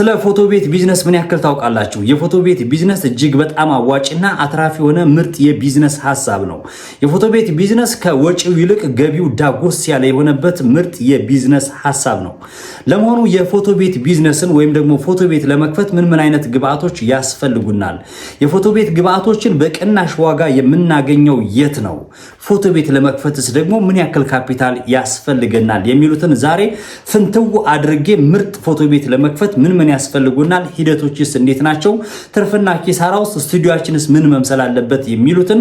ስለ ፎቶ ቤት ቢዝነስ ምን ያክል ታውቃላችሁ? የፎቶ ቤት ቢዝነስ እጅግ በጣም አዋጭና አትራፊ የሆነ ምርጥ የቢዝነስ ሀሳብ ነው። የፎቶ ቤት ቢዝነስ ከወጪው ይልቅ ገቢው ዳጎስ ያለ የሆነበት ምርጥ የቢዝነስ ሀሳብ ነው። ለመሆኑ የፎቶ ቤት ቢዝነስን ወይም ደግሞ ፎቶ ቤት ለመክፈት ምን ምን አይነት ግብአቶች ያስፈልጉናል? የፎቶ ቤት ግብአቶችን በቅናሽ ዋጋ የምናገኘው የት ነው? ፎቶ ቤት ለመክፈትስ ደግሞ ምን ያክል ካፒታል ያስፈልገናል? የሚሉትን ዛሬ ፍንትው አድርጌ ምርጥ ፎቶ ቤት ለመክፈት ምን ምን ምን ያስፈልጉናል? ሂደቶችስ እንዴት ናቸው? ትርፍና ኪሳራ ውስጥ ስቱዲዮችንስ ምን መምሰል አለበት? የሚሉትን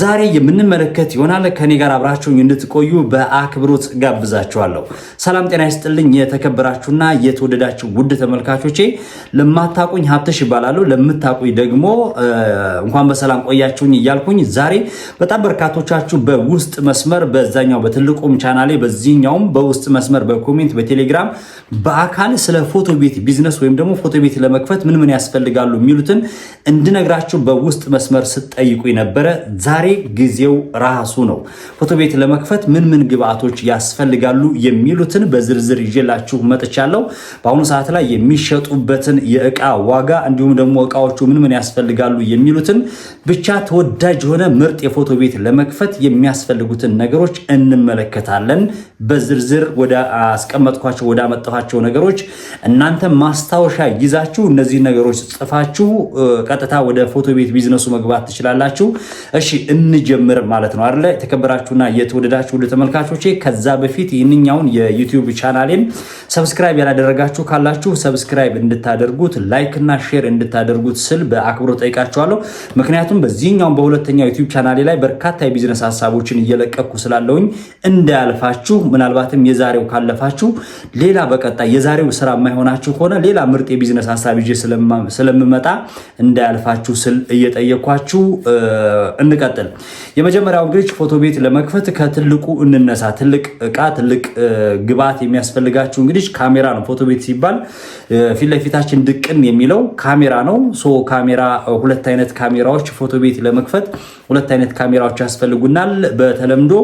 ዛሬ የምንመለከት ይሆናል። ከኔ ጋር አብራችሁኝ እንድትቆዩ በአክብሮት ጋብዛችኋለሁ። ሰላም ጤና ይስጥልኝ። የተከበራችሁና የተወደዳችሁ ውድ ተመልካቾቼ ለማታቁኝ ሀብትሽ ይባላሉ። ለምታቁኝ ደግሞ እንኳን በሰላም ቆያችሁኝ እያልኩኝ ዛሬ በጣም በርካቶቻችሁ በውስጥ መስመር በዛኛው በትልቁም ቻናሌ በዚህኛውም በውስጥ መስመር በኮሜንት በቴሌግራም በአካል ስለ ፎቶ ቤት ቢዝነስ ለመድረስ ወይም ደግሞ ፎቶ ቤት ለመክፈት ምን ምን ያስፈልጋሉ የሚሉትን እንድነግራችሁ በውስጥ መስመር ስትጠይቁ ነበረ። ዛሬ ጊዜው ራሱ ነው። ፎቶ ቤት ለመክፈት ምን ምን ግብአቶች ያስፈልጋሉ የሚሉትን በዝርዝር ይዤላችሁ መጥቻለሁ። በአሁኑ ሰዓት ላይ የሚሸጡበትን የእቃ ዋጋ እንዲሁም ደግሞ እቃዎቹ ምን ምን ያስፈልጋሉ የሚሉትን ብቻ ተወዳጅ የሆነ ምርጥ የፎቶ ቤት ለመክፈት የሚያስፈልጉትን ነገሮች እንመለከታለን። በዝርዝር ወደ አስቀመጥኳቸው ወደ አመጣኋቸው ነገሮች እናንተ ማ ማስታወሻ ይዛችሁ እነዚህ ነገሮች ጽፋችሁ ቀጥታ ወደ ፎቶ ቤት ቢዝነሱ መግባት ትችላላችሁ። እሺ እንጀምር ማለት ነው አይደለ? የተከበራችሁና የተወደዳችሁ ወደ ተመልካቾቼ፣ ከዛ በፊት ይህንኛውን የዩቲዩብ ቻናሌን ሰብስክራይብ ያላደረጋችሁ ካላችሁ ሰብስክራይብ እንድታደርጉት ላይክ እና ሼር እንድታደርጉት ስል በአክብሮ ጠይቃችኋለሁ። ምክንያቱም በዚህኛውን በሁለተኛው ዩቲዩብ ቻናሌ ላይ በርካታ የቢዝነስ ሀሳቦችን እየለቀኩ ስላለውኝ እንዳያልፋችሁ። ምናልባትም የዛሬው ካለፋችሁ ሌላ በቀጣይ የዛሬው ስራ የማይሆናችሁ ከሆነ ሌላ ምርጥ የቢዝነስ ሀሳብ ይዤ ስለምመጣ እንዳያልፋችሁ ስል እየጠየኳችሁ እንቀጥል። የመጀመሪያው እንግዲህ ፎቶ ቤት ለመክፈት ከትልቁ እንነሳ። ትልቅ እቃ፣ ትልቅ ግብዓት የሚያስፈልጋችሁ እንግዲህ ካሜራ ነው። ፎቶ ቤት ሲባል ፊት ለፊታችን ድቅን የሚለው ካሜራ ነው። ሶ ካሜራ ሁለት አይነት ካሜራዎች ፎቶ ቤት ለመክፈት ሁለት አይነት ካሜራዎች ያስፈልጉናል። በተለምዶ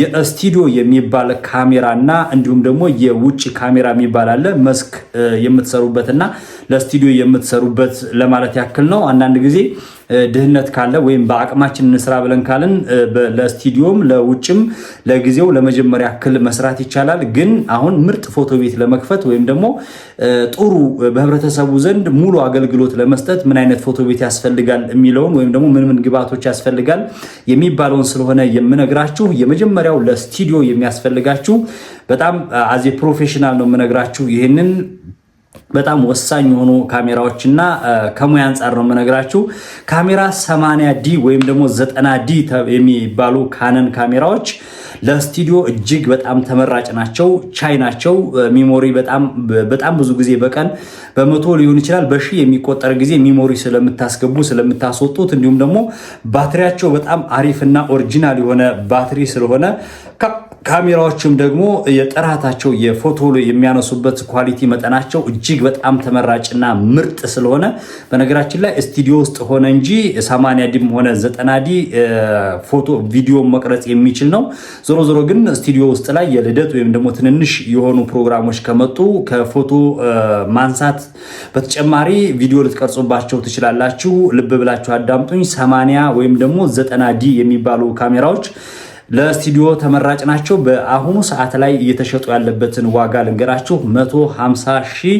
የስቱዲዮ የሚባል ካሜራና እንዲሁም ደግሞ የውጭ ካሜራ የሚባል አለ መስክ የምትሰሩበትና ለስቱዲዮ የምትሰሩበት ለማለት ያክል ነው። አንዳንድ ጊዜ ድህነት ካለ ወይም በአቅማችን እንስራ ብለን ካልን ለስቱዲዮም ለውጭም ለጊዜው ለመጀመሪያ ያክል መስራት ይቻላል። ግን አሁን ምርጥ ፎቶ ቤት ለመክፈት ወይም ደግሞ ጥሩ በህብረተሰቡ ዘንድ ሙሉ አገልግሎት ለመስጠት ምን አይነት ፎቶ ቤት ያስፈልጋል የሚለውን ወይም ደግሞ ምን ምን ግብዓቶች ያስፈልጋል የሚባለውን ስለሆነ የምነግራችሁ የመጀመሪያው ለስቱዲዮ የሚያስፈልጋችሁ በጣም አዜ ፕሮፌሽናል ነው የምነግራችሁ ይህንን በጣም ወሳኝ የሆኑ ካሜራዎች እና ከሙያ አንጻር ነው የምነግራችሁ። ካሜራ 80 ዲ ወይም ደግሞ 90 ዲ የሚባሉ ካነን ካሜራዎች ለስቱዲዮ እጅግ በጣም ተመራጭ ናቸው። ቻይ ናቸው። ሚሞሪ በጣም ብዙ ጊዜ በቀን በመቶ ሊሆን ይችላል በሺህ የሚቆጠር ጊዜ ሚሞሪ ስለምታስገቡ ስለምታስወጡት፣ እንዲሁም ደግሞ ባትሪያቸው በጣም አሪፍና ኦሪጂናል የሆነ ባትሪ ስለሆነ ካሜራዎችም ደግሞ የጥራታቸው የፎቶ የሚያነሱበት ኳሊቲ መጠናቸው እጅግ በጣም ተመራጭና ምርጥ ስለሆነ በነገራችን ላይ ስቱዲዮ ውስጥ ሆነ እንጂ ሰማንያ ዲም ሆነ ዘጠና ዲ ፎቶ ቪዲዮ መቅረጽ የሚችል ነው። ዞሮ ዞሮ ግን ስቱዲዮ ውስጥ ላይ የልደት ወይም ደግሞ ትንንሽ የሆኑ ፕሮግራሞች ከመጡ ከፎቶ ማንሳት በተጨማሪ ቪዲዮ ልትቀርጹባቸው ትችላላችሁ። ልብ ብላችሁ አዳምጡኝ። ሰማንያ ወይም ደግሞ ዘጠና ዲ የሚባሉ ካሜራዎች ለስቱዲዮ ተመራጭ ናቸው። በአሁኑ ሰዓት ላይ እየተሸጡ ያለበትን ዋጋ ልንገራችሁ 150 ሺህ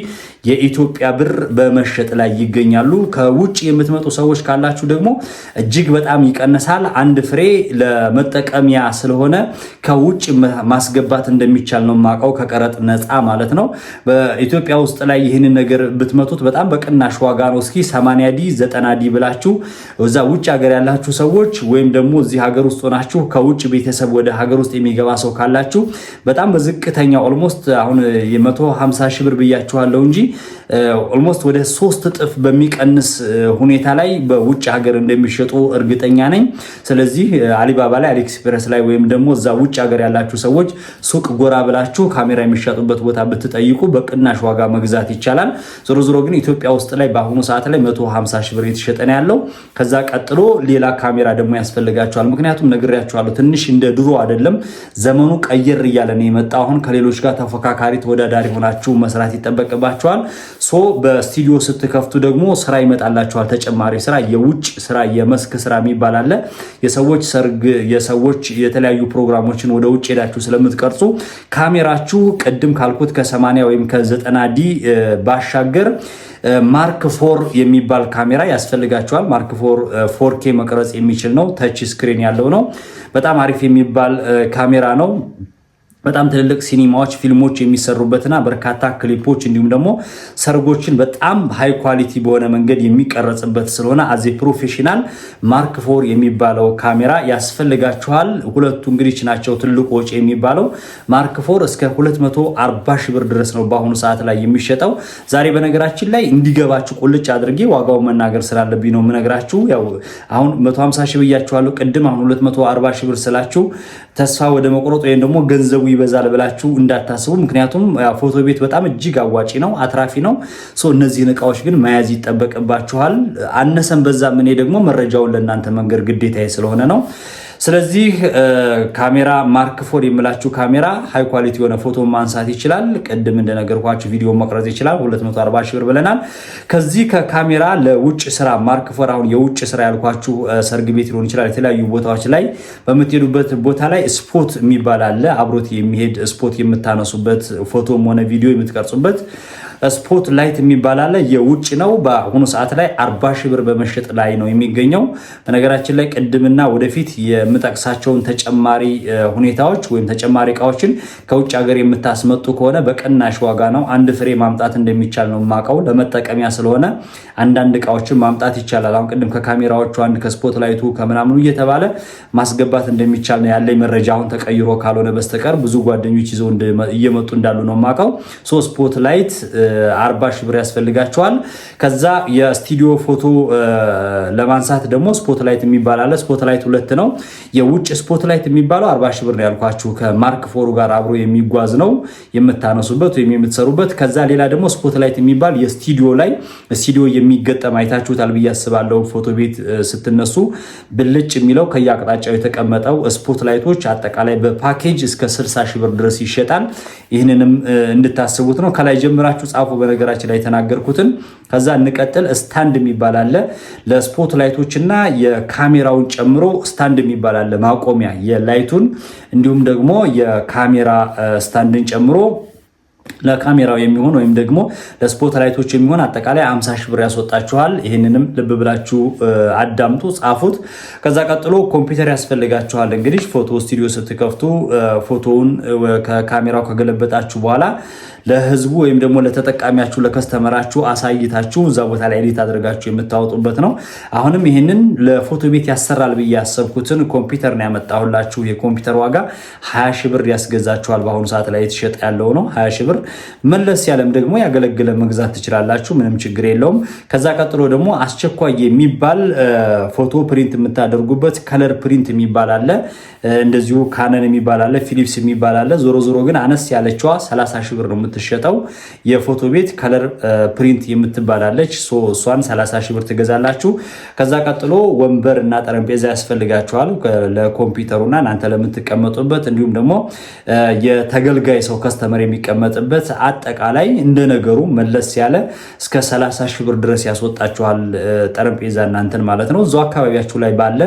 የኢትዮጵያ ብር በመሸጥ ላይ ይገኛሉ። ከውጭ የምትመጡ ሰዎች ካላችሁ ደግሞ እጅግ በጣም ይቀንሳል። አንድ ፍሬ ለመጠቀሚያ ስለሆነ ከውጭ ማስገባት እንደሚቻል ነው የማውቀው፣ ከቀረጥ ነፃ ማለት ነው። በኢትዮጵያ ውስጥ ላይ ይህንን ነገር ብትመቱት በጣም በቅናሽ ዋጋ ነው። እስኪ 80 ዲ 90 ዲ ብላችሁ እዛ ውጭ ሀገር ያላችሁ ሰዎች ወይም ደግሞ እዚህ ሀገር ውስጥ ሆናችሁ ከውጭ ቤተሰብ ወደ ሀገር ውስጥ የሚገባ ሰው ካላችሁ በጣም በዝቅተኛ ኦልሞስት አሁን የ150 ሺህ ብር ብያችኋለሁ እንጂ ኦልሞስት ወደ ሶስት እጥፍ በሚቀንስ ሁኔታ ላይ በውጭ ሀገር እንደሚሸጡ እርግጠኛ ነኝ። ስለዚህ አሊባባ ላይ አሊኤክስፕረስ ላይ ወይም ደግሞ እዛ ውጭ ሀገር ያላችሁ ሰዎች ሱቅ ጎራ ብላችሁ ካሜራ የሚሸጡበት ቦታ ብትጠይቁ በቅናሽ ዋጋ መግዛት ይቻላል። ዞሮ ዞሮ ግን ኢትዮጵያ ውስጥ ላይ በአሁኑ ሰዓት ላይ 150 ሺህ ብር የተሸጠ ነው ያለው። ከዛ ቀጥሎ ሌላ ካሜራ ደግሞ ያስፈልጋቸዋል። ምክንያቱም ነግሬያቸዋለሁ፣ ትንሽ እንደ ድሮ አይደለም። ዘመኑ ቀየር እያለ ነው የመጣ። አሁን ከሌሎች ጋር ተፎካካሪ ተወዳዳሪ ሆናችሁ መስራት ይጠበቅባቸዋል። ሶ በስቱዲዮ ስትከፍቱ ደግሞ ስራ ይመጣላችኋል። ተጨማሪ ስራ፣ የውጭ ስራ፣ የመስክ ስራ የሚባል አለ። የሰዎች ሰርግ፣ የሰዎች የተለያዩ ፕሮግራሞችን ወደ ውጭ ሄዳችሁ ስለምትቀርጹ ካሜራችሁ ቅድም ካልኩት ከ80 ወይም ከ90 ዲ ባሻገር ማርክ ፎር የሚባል ካሜራ ያስፈልጋቸዋል። ማርክ ፎር ፎር ኬ መቅረጽ የሚችል ነው። ተች ስክሪን ያለው ነው። በጣም አሪፍ የሚባል ካሜራ ነው። በጣም ትልልቅ ሲኒማዎች ፊልሞች የሚሰሩበትና በርካታ ክሊፖች እንዲሁም ደግሞ ሰርጎችን በጣም ሃይ ኳሊቲ በሆነ መንገድ የሚቀረጽበት ስለሆነ አዜ ፕሮፌሽናል ማርክ ፎር የሚባለው ካሜራ ያስፈልጋችኋል። ሁለቱ እንግዲች ናቸው ትልቁ ወጪ የሚባለው። ማርክ ፎር እስከ 240 ሺህ ብር ድረስ ነው በአሁኑ ሰዓት ላይ የሚሸጠው። ዛሬ በነገራችን ላይ እንዲገባችሁ ቁልጭ አድርጌ ዋጋው መናገር ስላለብኝ ነው የምነግራችሁ። ያው አሁን 150 ሺህ ብያችኋለሁ ቅድም። አሁን 240 ሺህ ብር ስላችሁ ተስፋ ወደ መቁረጥ ወይም ደግሞ ገንዘቡ ይበዛል ብላችሁ እንዳታስቡ። ምክንያቱም ፎቶ ቤት በጣም እጅግ አዋጪ ነው፣ አትራፊ ነው። እነዚህን እቃዎች ግን መያዝ ይጠበቅባችኋል። አነሰን በዛም እኔ ደግሞ መረጃውን ለእናንተ መንገድ ግዴታ ስለሆነ ነው። ስለዚህ ካሜራ ማርክ ፎር የምላችሁ ካሜራ ሃይ ኳሊቲ የሆነ ፎቶ ማንሳት ይችላል። ቅድም እንደነገርኳችሁ ቪዲዮ መቅረጽ ይችላል። 240 ሺህ ብር ብለናል። ከዚህ ከካሜራ ለውጭ ስራ ማርክ ፎር አሁን የውጭ ስራ ያልኳችሁ ሰርግ ቤት ሊሆን ይችላል። የተለያዩ ቦታዎች ላይ በምትሄዱበት ቦታ ላይ ስፖት የሚባል አለ። አብሮት የሚሄድ ስፖት የምታነሱበት ፎቶም ሆነ ቪዲዮ የምትቀርጹበት ስፖት ላይት የሚባል አለ። የውጭ ነው። በአሁኑ ሰዓት ላይ አርባ ሺህ ብር በመሸጥ ላይ ነው የሚገኘው። በነገራችን ላይ ቅድምና ወደፊት የምጠቅሳቸውን ተጨማሪ ሁኔታዎች ወይም ተጨማሪ እቃዎችን ከውጭ ሀገር የምታስመጡ ከሆነ በቅናሽ ዋጋ ነው አንድ ፍሬ ማምጣት እንደሚቻል ነው የማውቀው። ለመጠቀሚያ ስለሆነ አንዳንድ እቃዎችን ማምጣት ይቻላል። አሁን ቅድም ከካሜራዎቹ አንድ ከስፖት ላይቱ ከምናምኑ እየተባለ ማስገባት እንደሚቻል ነው ያለኝ መረጃ። አሁን ተቀይሮ ካልሆነ በስተቀር ብዙ ጓደኞች ይዘው እየመጡ እንዳሉ ነው የማውቀው። ሶ ስፖት ላይት አርባ ሺህ ብር ያስፈልጋቸዋል። ከዛ የስቱዲዮ ፎቶ ለማንሳት ደግሞ ስፖትላይት የሚባል አለ። ስፖትላይት ሁለት ነው። የውጭ ስፖትላይት የሚባለው አርባ ሺህ ብር ነው ያልኳችሁ። ከማርክ ፎሩ ጋር አብሮ የሚጓዝ ነው የምታነሱበት ወይም የምትሰሩበት። ከዛ ሌላ ደግሞ ስፖትላይት የሚባል የስቱዲዮ ላይ ስቱዲዮ የሚገጠም አይታችሁታል ብዬ አስባለሁ። ፎቶ ቤት ስትነሱ ብልጭ የሚለው ከየአቅጣጫው የተቀመጠው ስፖትላይቶች አጠቃላይ በፓኬጅ እስከ 60 ሺህ ብር ድረስ ይሸጣል። ይህንንም እንድታስቡት ነው። ከላይ ጀምራችሁ ጻፉ። በነገራችን ላይ የተናገርኩትን ከዛ እንቀጥል። ስታንድ የሚባል አለ ለስፖት ላይቶችና የካሜራውን ጨምሮ ስታንድ የሚባል አለ ማቆሚያ የላይቱን እንዲሁም ደግሞ የካሜራ ስታንድን ጨምሮ ለካሜራው የሚሆን ወይም ደግሞ ለስፖት ላይቶች የሚሆን አጠቃላይ 50 ሺህ ብር ያስወጣችኋል። ይህንንም ልብ ብላችሁ አዳምጡ፣ ጻፉት። ከዛ ቀጥሎ ኮምፒውተር ያስፈልጋችኋል። እንግዲህ ፎቶ ስቱዲዮ ስትከፍቱ ፎቶውን ከካሜራው ከገለበጣችሁ በኋላ ለህዝቡ ወይም ደግሞ ለተጠቃሚያችሁ ለከስተመራችሁ አሳይታችሁ እዛ ቦታ ላይ ኤዲት አድርጋችሁ የምታወጡበት ነው። አሁንም ይህንን ለፎቶ ቤት ያሰራል ብዬ ያሰብኩትን ኮምፒውተር ነው ያመጣሁላችሁ። የኮምፒውተር ዋጋ 20 ሺህ ብር ያስገዛችኋል። በአሁኑ ሰዓት ላይ የተሸጠ ያለው ነው ሺህ ብር ብር መለስ ያለም ደግሞ ያገለግለ መግዛት ትችላላችሁ። ምንም ችግር የለውም። ከዛ ቀጥሎ ደግሞ አስቸኳይ የሚባል ፎቶ ፕሪንት የምታደርጉበት ከለር ፕሪንት የሚባል አለ። እንደዚሁ ካነን የሚባል አለ፣ ፊሊፕስ የሚባል አለ። ዞሮ ዞሮ ግን አነስ ያለችዋ 30 ሺህ ብር ነው የምትሸጠው። የፎቶ ቤት ከለር ፕሪንት የምትባላለች እሷን 30 ሺህ ብር ትገዛላችሁ። ከዛ ቀጥሎ ወንበር እና ጠረጴዛ ያስፈልጋችኋል ለኮምፒውተሩና እናንተ ለምትቀመጡበት እንዲሁም ደግሞ የተገልጋይ ሰው ከስተመር የሚቀመጥበት አጠቃላይ እንደነገሩ መለስ ያለ እስከ 30 ሺህ ብር ድረስ ያስወጣችኋል። ጠረጴዛ እናንተን ማለት ነው። እዛው አካባቢያችሁ ላይ ባለ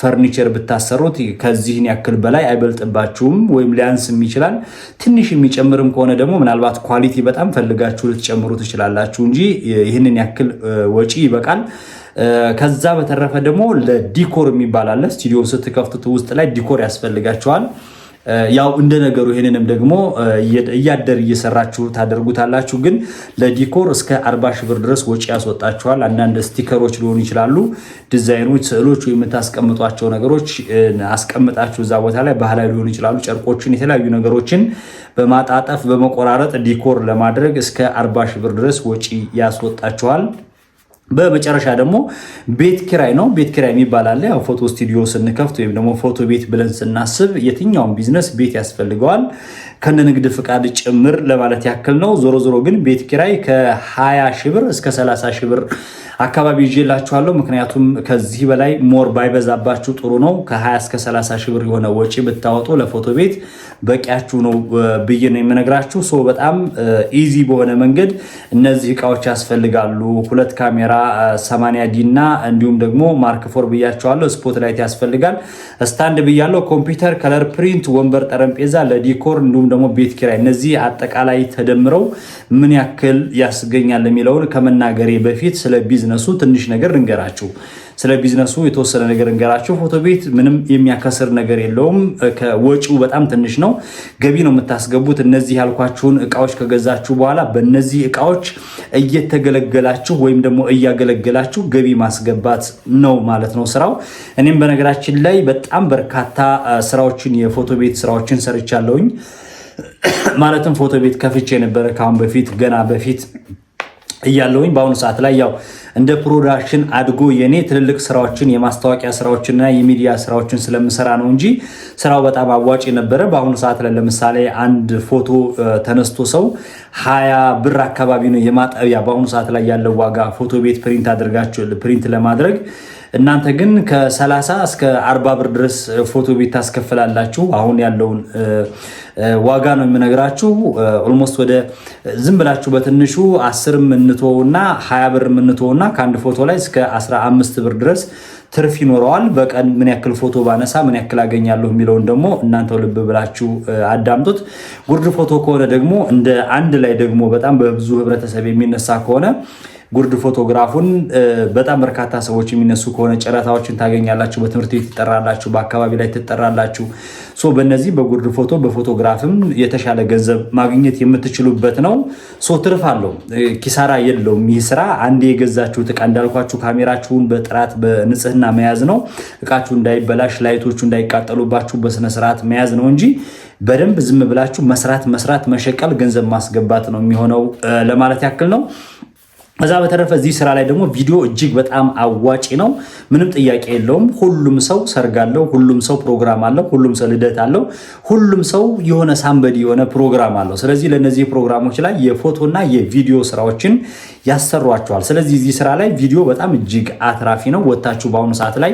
ፈርኒቸር ብታሰሩት ከዚህ ከዚህን ያክል በላይ አይበልጥባችሁም ወይም ሊያንስም ይችላል። ትንሽ የሚጨምርም ከሆነ ደግሞ ምናልባት ኳሊቲ በጣም ፈልጋችሁ ልትጨምሩ ትችላላችሁ እንጂ ይህንን ያክል ወጪ ይበቃል። ከዛ በተረፈ ደግሞ ለዲኮር የሚባል አለ። ስቱዲዮ ስትከፍቱት ውስጥ ላይ ዲኮር ያስፈልጋቸዋል። ያው እንደ ነገሩ ይሄንንም ደግሞ እያደር እየሰራችሁ ታደርጉታላችሁ። ግን ለዲኮር እስከ 40 ሺህ ብር ድረስ ወጪ ያስወጣችኋል። አንዳንድ ስቲከሮች ሊሆኑ ይችላሉ፣ ዲዛይኖች፣ ስዕሎች፣ የምታስቀምጧቸው ነገሮች አስቀምጣችሁ እዛ ቦታ ላይ ባህላዊ ሊሆኑ ይችላሉ። ጨርቆችን፣ የተለያዩ ነገሮችን በማጣጠፍ በመቆራረጥ ዲኮር ለማድረግ እስከ 40 ሺህ ብር ድረስ ወጪ ያስወጣችኋል። በመጨረሻ ደግሞ ቤት ኪራይ ነው። ቤት ኪራይ የሚባል አለ። ያው ፎቶ ስቱዲዮ ስንከፍት ወይም ደግሞ ፎቶ ቤት ብለን ስናስብ የትኛውን ቢዝነስ ቤት ያስፈልገዋል ከነ ንግድ ፍቃድ ጭምር ለማለት ያክል ነው። ዞሮ ዞሮ ግን ቤት ኪራይ ከ20 ሺህ ብር እስከ 30 ሺህ ብር አካባቢ ይዤላችኋለሁ። ምክንያቱም ከዚህ በላይ ሞር ባይበዛባችሁ ጥሩ ነው። ከ20 እስከ 30 ሺህ ብር የሆነ ወጪ ብታወጡ ለፎቶ ቤት በቂያችሁ ነው ብዬ ነው የምነግራችሁ። ሶ በጣም ኢዚ በሆነ መንገድ እነዚህ እቃዎች ያስፈልጋሉ። ሁለት ካሜራ 80 ዲ እና እንዲሁም ደግሞ ማርክ ፎር ብያቸዋለሁ። ስፖት ላይት ያስፈልጋል። ስታንድ ብያለው። ኮምፒውተር፣ ከለር ፕሪንት፣ ወንበር፣ ጠረጴዛ ለዲኮር እንዲሁም ደግሞ ቤት ኪራይ እነዚህ አጠቃላይ ተደምረው ምን ያክል ያስገኛል የሚለውን ከመናገሬ በፊት ስለ ቢዝነሱ ትንሽ ነገር እንገራችሁ። ስለ ቢዝነሱ የተወሰነ ነገር እንገራቸው። ፎቶ ቤት ምንም የሚያከስር ነገር የለውም። ከወጪው በጣም ትንሽ ነው። ገቢ ነው የምታስገቡት። እነዚህ ያልኳችሁን እቃዎች ከገዛችሁ በኋላ በእነዚህ እቃዎች እየተገለገላችሁ ወይም ደግሞ እያገለገላችሁ ገቢ ማስገባት ነው ማለት ነው ስራው። እኔም በነገራችን ላይ በጣም በርካታ ስራዎችን የፎቶ ቤት ስራዎችን ሰርቻለሁኝ። ማለትም ፎቶ ቤት ከፍቼ የነበረ ከአሁን በፊት ገና በፊት እያለውኝ በአሁኑ ሰዓት ላይ ያው እንደ ፕሮዳክሽን አድጎ የኔ ትልልቅ ስራዎችን የማስታወቂያ ስራዎችንና የሚዲያ ስራዎችን ስለምሰራ ነው እንጂ ስራው በጣም አዋጭ ነበረ። በአሁኑ ሰዓት ላይ ለምሳሌ አንድ ፎቶ ተነስቶ ሰው ሀያ ብር አካባቢ ነው የማጠቢያ በአሁኑ ሰዓት ላይ ያለው ዋጋ ፎቶ ቤት ፕሪንት አድርጋችሁ ፕሪንት ለማድረግ እናንተ ግን ከ30 እስከ 40 ብር ድረስ ፎቶ ቤት ታስከፍላላችሁ። አሁን ያለውን ዋጋ ነው የምነግራችሁ። ኦልሞስት ወደ ዝም ብላችሁ በትንሹ 10 የምንትወውና 20 ብር የምንትወውና ከአንድ ፎቶ ላይ እስከ 15 ብር ድረስ ትርፍ ይኖረዋል። በቀን ምን ያክል ፎቶ ባነሳ ምን ያክል አገኛለሁ የሚለውን ደግሞ እናንተው ልብ ብላችሁ አዳምጡት። ጉርድ ፎቶ ከሆነ ደግሞ እንደ አንድ ላይ ደግሞ በጣም በብዙ ህብረተሰብ የሚነሳ ከሆነ ጉርድ ፎቶግራፉን በጣም በርካታ ሰዎች የሚነሱ ከሆነ ጨረታዎችን ታገኛላችሁ። በትምህርት ቤት ትጠራላችሁ፣ በአካባቢ ላይ ትጠራላችሁ። ሶ በእነዚህ በጉርድ ፎቶ በፎቶግራፍም የተሻለ ገንዘብ ማግኘት የምትችሉበት ነው። ሶ ትርፍ አለው፣ ኪሳራ የለውም። ይህ ስራ አንድ የገዛችሁ እቃ እንዳልኳችሁ ካሜራችሁን በጥራት በንጽህና መያዝ ነው። እቃችሁ እንዳይበላሽ፣ ላይቶቹ እንዳይቃጠሉባችሁ በስነስርዓት መያዝ ነው እንጂ በደንብ ዝም ብላችሁ መስራት መስራት መሸቀል ገንዘብ ማስገባት ነው የሚሆነው። ለማለት ያክል ነው። ከዛ በተረፈ እዚህ ስራ ላይ ደግሞ ቪዲዮ እጅግ በጣም አዋጪ ነው። ምንም ጥያቄ የለውም። ሁሉም ሰው ሰርግ አለው፣ ሁሉም ሰው ፕሮግራም አለው፣ ሁሉም ሰው ልደት አለው፣ ሁሉም ሰው የሆነ ሳምበዲ የሆነ ፕሮግራም አለው። ስለዚህ ለእነዚህ ፕሮግራሞች ላይ የፎቶና የቪዲዮ ስራዎችን ያሰሯቸዋል። ስለዚህ እዚህ ስራ ላይ ቪዲዮ በጣም እጅግ አትራፊ ነው። ወታችሁ በአሁኑ ሰዓት ላይ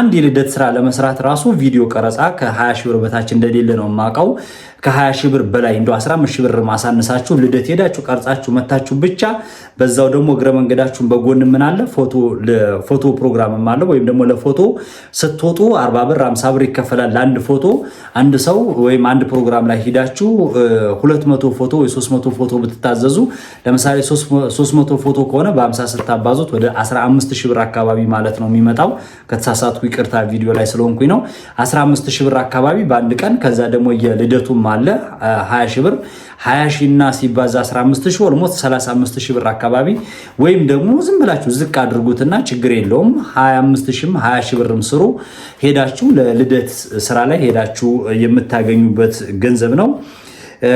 አንድ የልደት ስራ ለመስራት ራሱ ቪዲዮ ቀረጻ ከ20 ሺህ ብር በታች እንደሌለ ነው የማውቀው። ከ20 ሺህ ብር በላይ እንደ 15 ሺህ ብር ማሳነሳችሁ ልደት ሄዳችሁ ቀርጻችሁ መታችሁ ብቻ በዛው ደግሞ እግረ መንገዳችሁን በጎን ምን አለ ፎቶ ፕሮግራምም አለ ወይም ደግሞ ለፎቶ ስትወጡ 40 ብር 50 ብር ይከፈላል። ለአንድ ፎቶ አንድ ሰው ወይም አንድ ፕሮግራም ላይ ሄዳችሁ 200 ፎቶ ወይ 300 ፎቶ ብትታዘዙ ለምሳሌ 300 ፎቶ ከሆነ በ50 ስታባዙት ወደ 15 ሺህ ብር አካባቢ ማለት ነው የሚመጣው። ከተሳሳትኩ ይቅርታ ቪዲዮ ላይ ስለሆንኩኝ ነው። 15 ሺህ ብር አካባቢ በአንድ ቀን ከዛ ደግሞ የልደቱም አለ 20 ሺህ ብር 20 ሺህ እና ሲባዛ 15 ሺህ ኦልሞት 35 ሺህ ብር አካባቢ ወይም ደግሞ ዝም ብላችሁ ዝቅ አድርጉትና ችግር የለውም 25 ሺህም 20 ሺህ ብርም ስሩ ሄዳችሁ ለልደት ስራ ላይ ሄዳችሁ የምታገኙበት ገንዘብ ነው።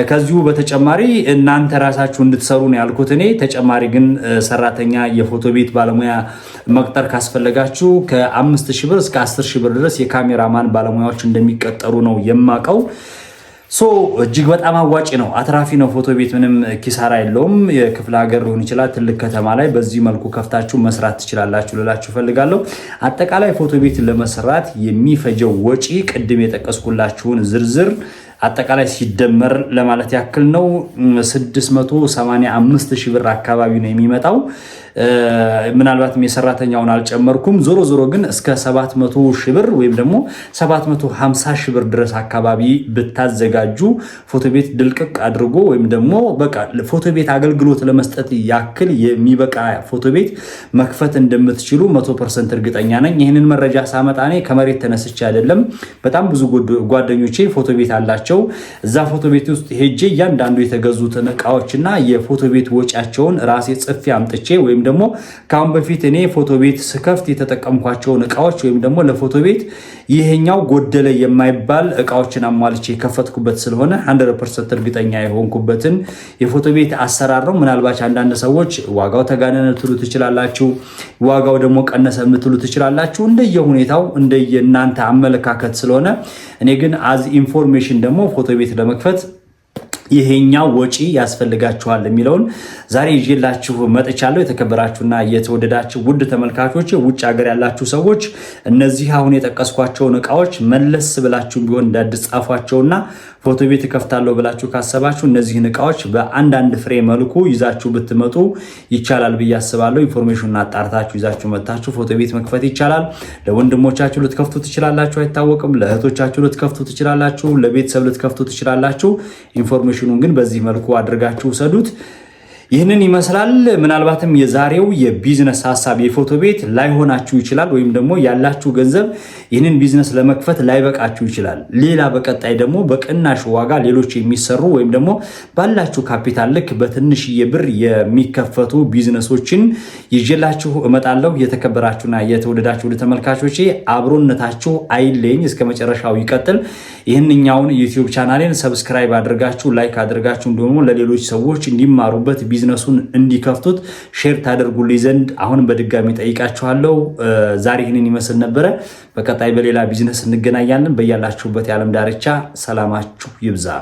ከዚሁ በተጨማሪ እናንተ ራሳችሁ እንድትሰሩ ነው ያልኩት እኔ። ተጨማሪ ግን ሰራተኛ፣ የፎቶ ቤት ባለሙያ መቅጠር ካስፈለጋችሁ ከአምስት ሺህ ብር እስከ አስር ሺህ ብር ድረስ የካሜራማን ባለሙያዎች እንደሚቀጠሩ ነው የማውቀው ሶ እጅግ በጣም አዋጭ ነው፣ አትራፊ ነው። ፎቶ ቤት ምንም ኪሳራ የለውም። የክፍለ ሀገር ሊሆን ይችላል፣ ትልቅ ከተማ ላይ በዚህ መልኩ ከፍታችሁ መስራት ትችላላችሁ ልላችሁ ፈልጋለሁ። አጠቃላይ ፎቶ ቤት ለመስራት የሚፈጀው ወጪ ቅድም የጠቀስኩላችሁን ዝርዝር አጠቃላይ ሲደመር ለማለት ያክል ነው 685 ሺህ ብር አካባቢ ነው የሚመጣው። ምናልባትም የሰራተኛውን አልጨመርኩም። ዞሮ ዞሮ ግን እስከ 700 ሺህ ብር ወይም ደግሞ 750 ሺህ ብር ድረስ አካባቢ ብታዘጋጁ ፎቶ ቤት ድልቅቅ አድርጎ ወይም ደግሞ በቃ ፎቶ ቤት አገልግሎት ለመስጠት ያክል የሚበቃ ፎቶ ቤት መክፈት እንደምትችሉ መቶ ፐርሰንት እርግጠኛ ነኝ። ይህንን መረጃ ሳመጣ እኔ ከመሬት ተነስቼ አይደለም። በጣም ብዙ ጓደኞቼ ፎቶ ቤት አላቸው። እዛ ፎቶ ቤት ውስጥ ሄጄ እያንዳንዱ የተገዙትን እቃዎችና የፎቶ ቤት ወጪያቸውን ራሴ ጽፌ አምጥቼ ወይም ወይም ደግሞ ከአሁን በፊት እኔ ፎቶ ቤት ስከፍት የተጠቀምኳቸውን እቃዎች ወይም ደግሞ ለፎቶ ቤት ይሄኛው ጎደለ የማይባል እቃዎችን አሟልቼ የከፈትኩበት ስለሆነ 100 ፐርሰንት እርግጠኛ የሆንኩበትን የፎቶ ቤት አሰራር ነው። ምናልባት አንዳንድ ሰዎች ዋጋው ተጋነነ ትሉ ትችላላችሁ፣ ዋጋው ደግሞ ቀነሰ የምትሉ ትችላላችሁ። እንደየ እንደየ እንደየእናንተ አመለካከት ስለሆነ እኔ ግን አዝ ኢንፎርሜሽን ደግሞ ፎቶ ቤት ለመክፈት ይሄኛው ወጪ ያስፈልጋችኋል የሚለውን ዛሬ ይዤላችሁ መጥቻለሁ። የተከበራችሁና የተወደዳችሁ ውድ ተመልካቾች፣ ውጭ ሀገር ያላችሁ ሰዎች እነዚህ አሁን የጠቀስኳቸውን እቃዎች መለስ ብላችሁ ቢሆን ጻፏቸውና ፎቶ ቤት እከፍታለሁ ብላችሁ ካሰባችሁ እነዚህን እቃዎች በአንዳንድ ፍሬ መልኩ ይዛችሁ ብትመጡ ይቻላል ብዬ አስባለሁ። ኢንፎርሜሽኑን አጣርታችሁ ይዛችሁ መታችሁ ፎቶ ቤት መክፈት ይቻላል። ለወንድሞቻችሁ ልትከፍቱ ትችላላችሁ፣ አይታወቅም። ለእህቶቻችሁ ልትከፍቱ ትችላላችሁ፣ ለቤተሰብ ልትከፍቱ ትችላላችሁ። ኢንፎርሜሽን ፕሬዘንቴሽኑን ግን በዚህ መልኩ አድርጋችሁ ውሰዱት። ይህንን ይመስላል። ምናልባትም የዛሬው የቢዝነስ ሀሳብ የፎቶ ቤት ላይሆናችሁ ይችላል፣ ወይም ደግሞ ያላችሁ ገንዘብ ይህንን ቢዝነስ ለመክፈት ላይበቃችሁ ይችላል። ሌላ በቀጣይ ደግሞ በቅናሽ ዋጋ ሌሎች የሚሰሩ ወይም ደግሞ ባላችሁ ካፒታል ልክ በትንሽዬ ብር የሚከፈቱ ቢዝነሶችን ይዤላችሁ እመጣለሁ። የተከበራችሁና የተወደዳችሁ ወደ አብሮነታችሁ አይለኝ እስከ መጨረሻው ይቀጥል። ይህንኛውን ዩቲዩብ ቻናሌን ሰብስክራይብ አድርጋችሁ ላይክ አድርጋችሁ ደግሞ ለሌሎች ሰዎች እንዲማሩበት ቢዝነሱን እንዲከፍቱት ሼር ታደርጉልኝ ዘንድ አሁንም በድጋሚ ጠይቃችኋለሁ። ዛሬ ይህንን ይመስል ነበረ። በቀጣይ በሌላ ቢዝነስ እንገናኛለን። በያላችሁበት የዓለም ዳርቻ ሰላማችሁ ይብዛ።